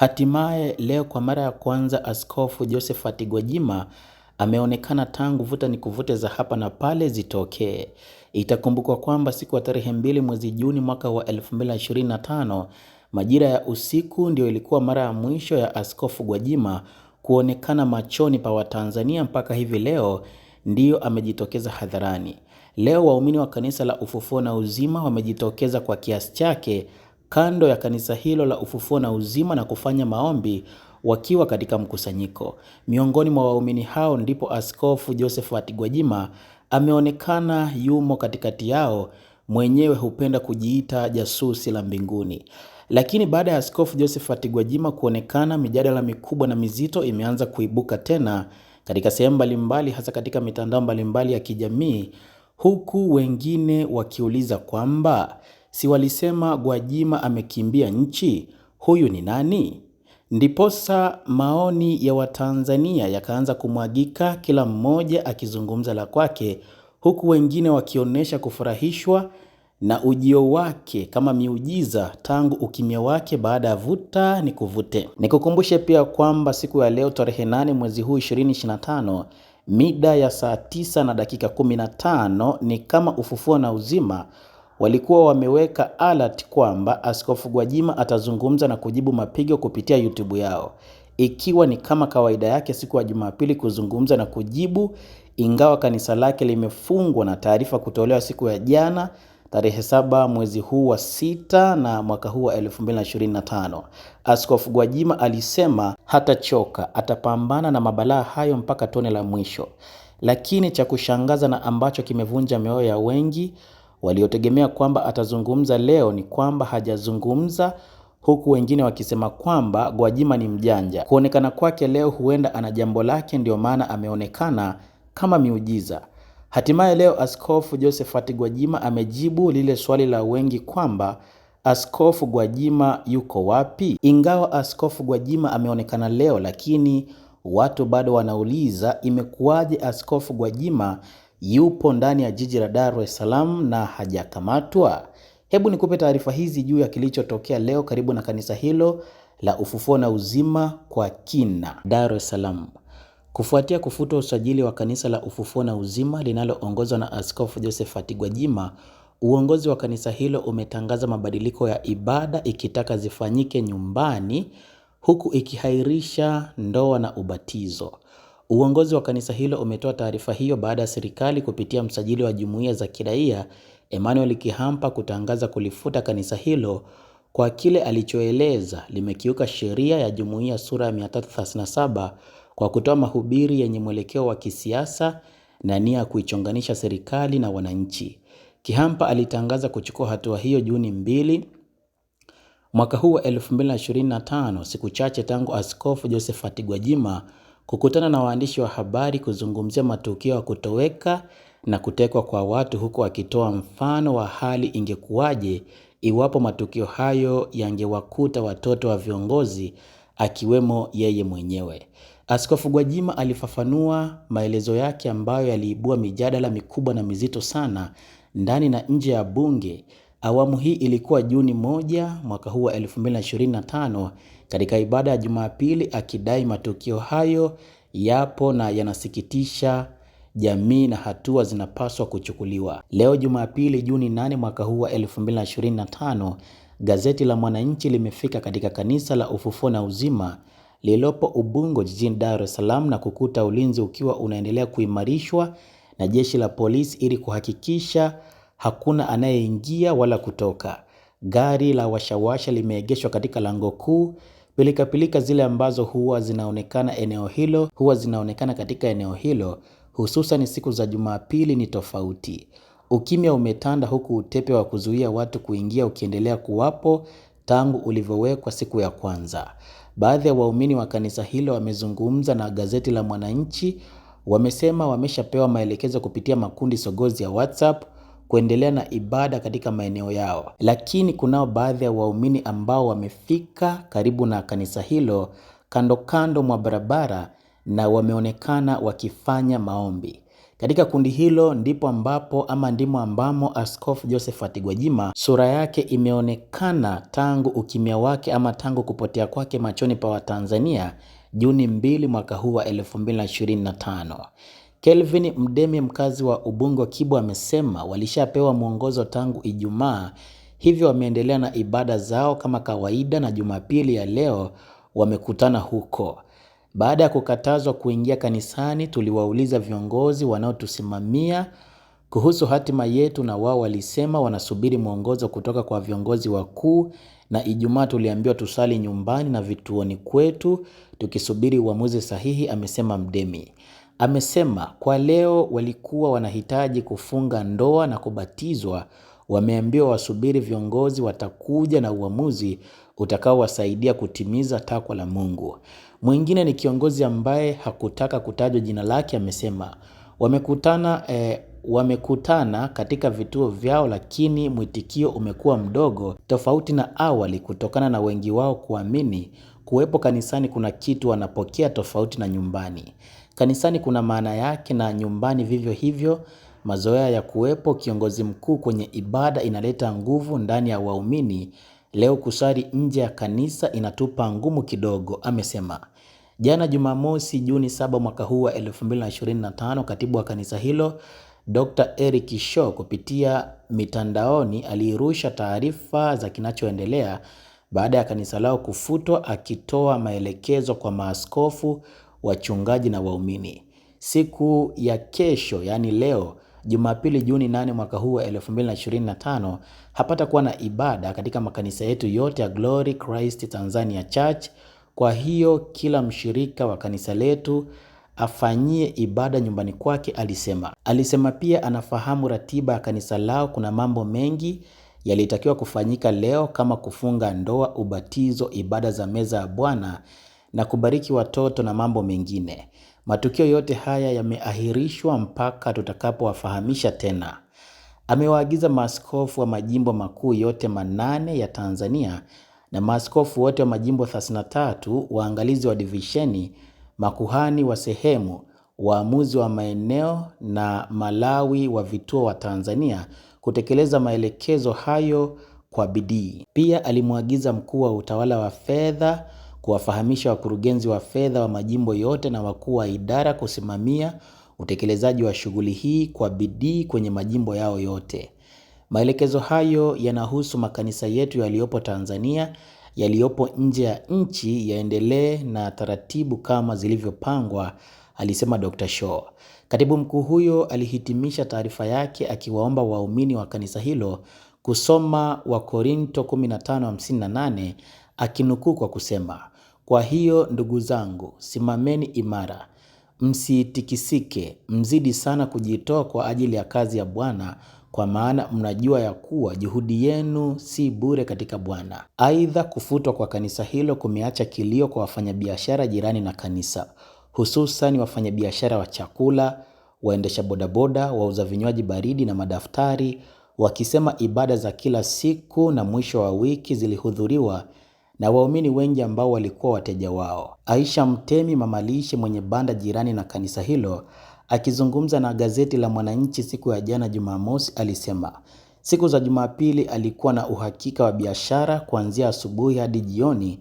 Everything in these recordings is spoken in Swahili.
Hatimaye leo kwa mara ya kwanza Askofu Josephat Gwajima ameonekana tangu vuta ni kuvute za hapa na pale zitokee. Itakumbukwa kwamba siku ya tarehe mbili mwezi Juni mwaka wa 2025 majira ya usiku ndio ilikuwa mara ya mwisho ya Askofu Gwajima kuonekana machoni pa Watanzania mpaka hivi leo ndiyo amejitokeza hadharani. Leo waumini wa kanisa la Ufufuo na Uzima wamejitokeza kwa kiasi chake kando ya kanisa hilo la Ufufuo na Uzima na kufanya maombi wakiwa katika mkusanyiko. Miongoni mwa waumini hao ndipo Askofu Josephat Gwajima ameonekana yumo katikati yao, mwenyewe hupenda kujiita jasusi la mbinguni. Lakini baada ya Askofu Josephat Gwajima kuonekana, mijadala mikubwa na mizito imeanza kuibuka tena katika sehemu mbalimbali, hasa katika mitandao mbalimbali ya kijamii, huku wengine wakiuliza kwamba si walisema Gwajima amekimbia nchi? Huyu ni nani? Ndiposa maoni ya Watanzania yakaanza kumwagika, kila mmoja akizungumza la kwake, huku wengine wakionyesha kufurahishwa na ujio wake kama miujiza tangu ukimya wake baada ya vuta ni kuvute. Nikukumbushe pia kwamba siku ya leo tarehe 8 mwezi huu 2025 mida ya saa 9 na dakika 15 ni kama ufufuo na uzima walikuwa wameweka alert kwamba Askofu Gwajima atazungumza na kujibu mapigo kupitia YouTube yao, ikiwa ni kama kawaida yake siku ya Jumapili kuzungumza na kujibu, ingawa kanisa lake limefungwa na taarifa kutolewa siku ya jana tarehe saba mwezi huu wa sita na mwaka huu wa 2025. Askofu Gwajima alisema hatachoka, atapambana na mabalaa hayo mpaka tone la mwisho. Lakini cha kushangaza na ambacho kimevunja mioyo ya wengi Waliotegemea kwamba atazungumza leo ni kwamba hajazungumza huku wengine wakisema kwamba Gwajima ni mjanja. Kuonekana kwake leo huenda ana jambo lake, ndio maana ameonekana kama miujiza. Hatimaye leo Askofu Josephat Gwajima amejibu lile swali la wengi kwamba Askofu Gwajima yuko wapi? Ingawa Askofu Gwajima ameonekana leo, lakini watu bado wanauliza imekuwaje Askofu Gwajima yupo ndani ya jiji la Dar es Salaam na hajakamatwa? Hebu nikupe taarifa hizi juu ya kilichotokea leo karibu na kanisa hilo la Ufufuo na Uzima kwa kina, Dar es Salaam. Kufuatia kufutwa usajili wa kanisa la Ufufuo na Uzima linaloongozwa na Askofu Josephat Gwajima, uongozi wa kanisa hilo umetangaza mabadiliko ya ibada ikitaka zifanyike nyumbani, huku ikihairisha ndoa na ubatizo. Uongozi wa kanisa hilo umetoa taarifa hiyo baada ya serikali kupitia msajili wa jumuiya za kiraia Emmanuel Kihampa kutangaza kulifuta kanisa hilo kwa kile alichoeleza limekiuka sheria ya jumuiya sura ya 337 kwa kutoa mahubiri yenye mwelekeo wa kisiasa na nia ya kuichonganisha serikali na wananchi. Kihampa alitangaza kuchukua hatua hiyo Juni mbili mwaka huu wa 2025, siku chache tangu Askofu Josephat Gwajima kukutana na waandishi wa habari kuzungumzia matukio ya kutoweka na kutekwa kwa watu huku akitoa mfano wa hali ingekuwaje iwapo matukio hayo yangewakuta watoto wa viongozi akiwemo yeye mwenyewe. Askofu Gwajima alifafanua maelezo yake ambayo yaliibua mijadala mikubwa na mizito sana ndani na nje ya bunge. Awamu hii ilikuwa Juni moja mwaka huu wa 2025 katika ibada ya Jumapili akidai matukio hayo yapo na yanasikitisha jamii na hatua zinapaswa kuchukuliwa. Leo Jumapili Juni 8 mwaka huu wa 2025, gazeti la Mwananchi limefika katika kanisa la Ufufuo na Uzima lililopo Ubungo jijini Dar es Salaam na kukuta ulinzi ukiwa unaendelea kuimarishwa na jeshi la polisi ili kuhakikisha hakuna anayeingia wala kutoka. Gari la washawasha limeegeshwa katika lango kuu Pilika pilika zile ambazo huwa zinaonekana eneo hilo huwa zinaonekana katika eneo hilo hususan siku za Jumapili ni tofauti. Ukimya umetanda huku utepe wa kuzuia watu kuingia ukiendelea kuwapo tangu ulivyowekwa siku ya kwanza. Baadhi ya waumini wa kanisa hilo wamezungumza na gazeti la Mwananchi, wamesema wameshapewa maelekezo kupitia makundi sogozi ya WhatsApp kuendelea na ibada katika maeneo yao, lakini kunao baadhi ya waumini ambao wamefika karibu na kanisa hilo kando kando mwa barabara na wameonekana wakifanya maombi. Katika kundi hilo ndipo ambapo ama ndimo ambamo Askofu Josephat Gwajima sura yake imeonekana tangu ukimya wake ama tangu kupotea kwake machoni pa Watanzania Juni 2 mwaka huu wa 2025. Kelvin Mdemi mkazi wa Ubungo kibwa amesema walishapewa mwongozo tangu Ijumaa hivyo wameendelea na ibada zao kama kawaida na Jumapili ya leo wamekutana huko. Baada ya kukatazwa kuingia kanisani, tuliwauliza viongozi wanaotusimamia kuhusu hatima yetu na wao walisema wanasubiri mwongozo kutoka kwa viongozi wakuu na Ijumaa tuliambiwa tusali nyumbani na vituoni kwetu tukisubiri uamuzi sahihi, amesema Mdemi. Amesema kwa leo walikuwa wanahitaji kufunga ndoa na kubatizwa, wameambiwa wasubiri viongozi watakuja na uamuzi utakaowasaidia kutimiza takwa la Mungu. Mwingine ni kiongozi ambaye hakutaka kutajwa jina lake, amesema wamekutana eh, wamekutana katika vituo vyao, lakini mwitikio umekuwa mdogo, tofauti na awali, kutokana na wengi wao kuamini kuwepo kanisani kuna kitu wanapokea tofauti na nyumbani. Kanisani kuna maana yake na nyumbani vivyo hivyo, mazoea ya kuwepo kiongozi mkuu kwenye ibada inaleta nguvu ndani ya waumini, leo kusali nje ya kanisa inatupa ngumu kidogo, amesema. Jana Jumamosi Juni saba mwaka huu wa 2025, katibu wa kanisa hilo Dr. Eric Shaw kupitia mitandaoni aliirusha taarifa za kinachoendelea baada ya kanisa lao kufutwa akitoa maelekezo kwa maaskofu wachungaji na waumini. Siku ya kesho, yaani leo Jumapili Juni 8 mwaka huu wa 2025 hapata kuwa na ibada katika makanisa yetu yote ya Glory Christ Tanzania Church. Kwa hiyo kila mshirika wa kanisa letu afanyie ibada nyumbani kwake, alisema. Alisema pia anafahamu ratiba ya kanisa lao, kuna mambo mengi yalitakiwa kufanyika leo kama kufunga ndoa, ubatizo, ibada za meza ya Bwana na kubariki watoto na mambo mengine. Matukio yote haya yameahirishwa mpaka tutakapowafahamisha tena. Amewaagiza maaskofu wa majimbo makuu yote manane ya Tanzania na maaskofu wote wa majimbo 33, waangalizi wa divisheni, makuhani wa sehemu, waamuzi wa maeneo na malawi wa vituo wa Tanzania kutekeleza maelekezo hayo kwa bidii. Pia alimwagiza mkuu wa utawala wa fedha kuwafahamisha wakurugenzi wa fedha wa majimbo yote na wakuu wa idara kusimamia utekelezaji wa shughuli hii kwa bidii kwenye majimbo yao yote. Maelekezo hayo yanahusu makanisa yetu yaliyopo Tanzania, yaliyopo nje ya nchi yaendelee na taratibu kama zilivyopangwa, alisema Dr. Shaw. Katibu mkuu huyo alihitimisha taarifa yake akiwaomba waumini wa kanisa hilo kusoma Wakorinto 15:58 akinukuu kwa kusema, kwa hiyo ndugu zangu, simameni imara, msitikisike, mzidi sana kujitoa kwa ajili ya kazi ya Bwana, kwa maana mnajua ya kuwa juhudi yenu si bure katika Bwana. Aidha, kufutwa kwa kanisa hilo kumeacha kilio kwa wafanyabiashara jirani na kanisa, hususan wafanyabiashara wa chakula, waendesha bodaboda, wauza vinywaji baridi na madaftari, wakisema ibada za kila siku na mwisho wa wiki zilihudhuriwa na waumini wengi ambao walikuwa wateja wao. Aisha Mtemi, mamalishe mwenye banda jirani na kanisa hilo, akizungumza na gazeti la Mwananchi siku ya jana Jumamosi, alisema siku za Jumapili alikuwa na uhakika wa biashara kuanzia asubuhi hadi jioni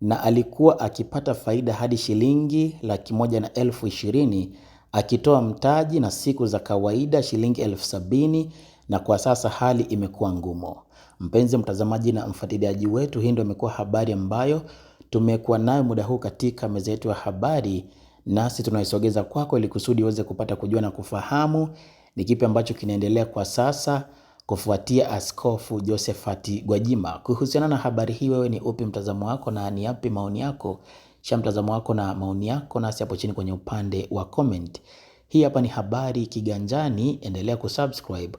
na alikuwa akipata faida hadi shilingi laki moja na elfu ishirini akitoa mtaji, na siku za kawaida shilingi elfu sabini na kwa sasa hali imekuwa ngumu. Mpenzi mtazamaji na mfuatiliaji wetu, hii ndio imekuwa habari ambayo tumekuwa nayo muda huu katika meza yetu ya habari, nasi tunaisogeza kwako ili kusudi uweze kupata kujua na kufahamu ni kipi ambacho kinaendelea kwa sasa kufuatia Askofu Josephat Gwajima. Kuhusiana na habari hii, wewe ni upi mtazamo wako na ni yapi maoni yako? Cha mtazamo wako na maoni yako nasi hapo chini kwenye upande wa comment. Hii hapa ni habari Kiganjani, endelea kusubscribe